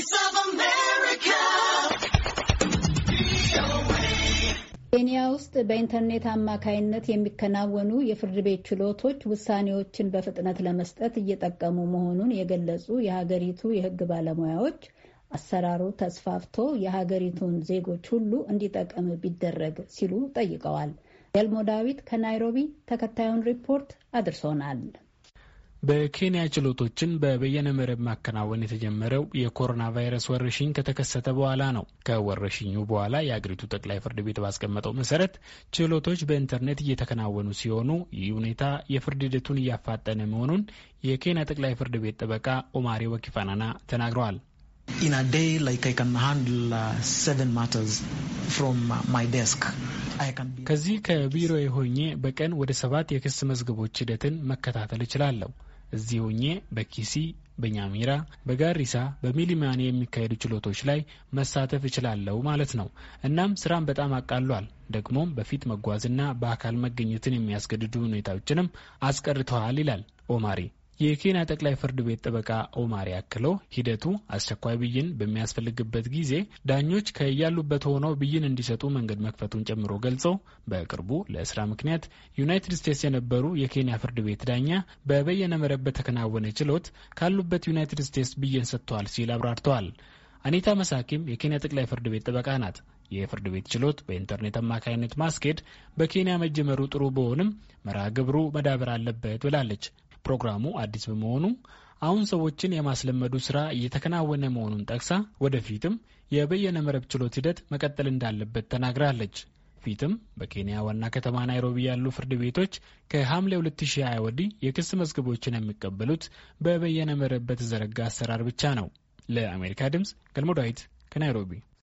Voice of America. ኬንያ ውስጥ በኢንተርኔት አማካይነት የሚከናወኑ የፍርድ ቤት ችሎቶች ውሳኔዎችን በፍጥነት ለመስጠት እየጠቀሙ መሆኑን የገለጹ የሀገሪቱ የሕግ ባለሙያዎች አሰራሩ ተስፋፍቶ የሀገሪቱን ዜጎች ሁሉ እንዲጠቀም ቢደረግ ሲሉ ጠይቀዋል። ገልሞ ዳዊት ከናይሮቢ ተከታዩን ሪፖርት አድርሶናል። በኬንያ ችሎቶችን በበየነ መረብ ማከናወን የተጀመረው የኮሮና ቫይረስ ወረርሽኝ ከተከሰተ በኋላ ነው። ከወረርሽኙ በኋላ የአገሪቱ ጠቅላይ ፍርድ ቤት ባስቀመጠው መሰረት ችሎቶች በኢንተርኔት እየተከናወኑ ሲሆኑ ይህ ሁኔታ የፍርድ ሂደቱን እያፋጠነ መሆኑን የኬንያ ጠቅላይ ፍርድ ቤት ጠበቃ ኦማሪ ወኪፋናና ተናግረዋል። In a day like I can handle uh, ከዚህ ከቢሮ ሆኜ በቀን ወደ ሰባት የክስ መዝገቦች ሂደትን መከታተል እችላለሁ። እዚህ ሆኜ በኪሲ፣ በኛሚራ፣ በጋሪሳ፣ በሚሊማኒ የሚካሄዱ ችሎቶች ላይ መሳተፍ እችላለሁ ማለት ነው። እናም ስራም በጣም አቃሏል። ደግሞም በፊት መጓዝና በአካል መገኘትን የሚያስገድዱ ሁኔታዎችንም አስቀርተዋል ይላል ኦማሪ። የኬንያ ጠቅላይ ፍርድ ቤት ጠበቃ ኦማር ያክለው ሂደቱ አስቸኳይ ብይን በሚያስፈልግበት ጊዜ ዳኞች ከያሉበት ሆነው ብይን እንዲሰጡ መንገድ መክፈቱን ጨምሮ ገልጸው በቅርቡ ለስራ ምክንያት ዩናይትድ ስቴትስ የነበሩ የኬንያ ፍርድ ቤት ዳኛ በበየነ መረብ በተከናወነ ችሎት ካሉበት ዩናይትድ ስቴትስ ብይን ሰጥተዋል ሲል አብራርተዋል። አኒታ መሳኪም የኬንያ ጠቅላይ ፍርድ ቤት ጠበቃ ናት። የፍርድ ቤት ችሎት በኢንተርኔት አማካኝነት ማስኬድ በኬንያ መጀመሩ ጥሩ በሆንም መርሃ ግብሩ መዳበር አለበት ብላለች። ፕሮግራሙ አዲስ በመሆኑ አሁን ሰዎችን የማስለመዱ ስራ እየተከናወነ መሆኑን ጠቅሳ ወደፊትም የበየነ መረብ ችሎት ሂደት መቀጠል እንዳለበት ተናግራለች። ፊትም በኬንያ ዋና ከተማ ናይሮቢ ያሉ ፍርድ ቤቶች ከሐምሌ 2020 ወዲህ የክስ መዝገቦችን የሚቀበሉት በበየነ መረብ በተዘረጋ አሰራር ብቻ ነው። ለአሜሪካ ድምፅ ገልሞ ዳዊት ከናይሮቢ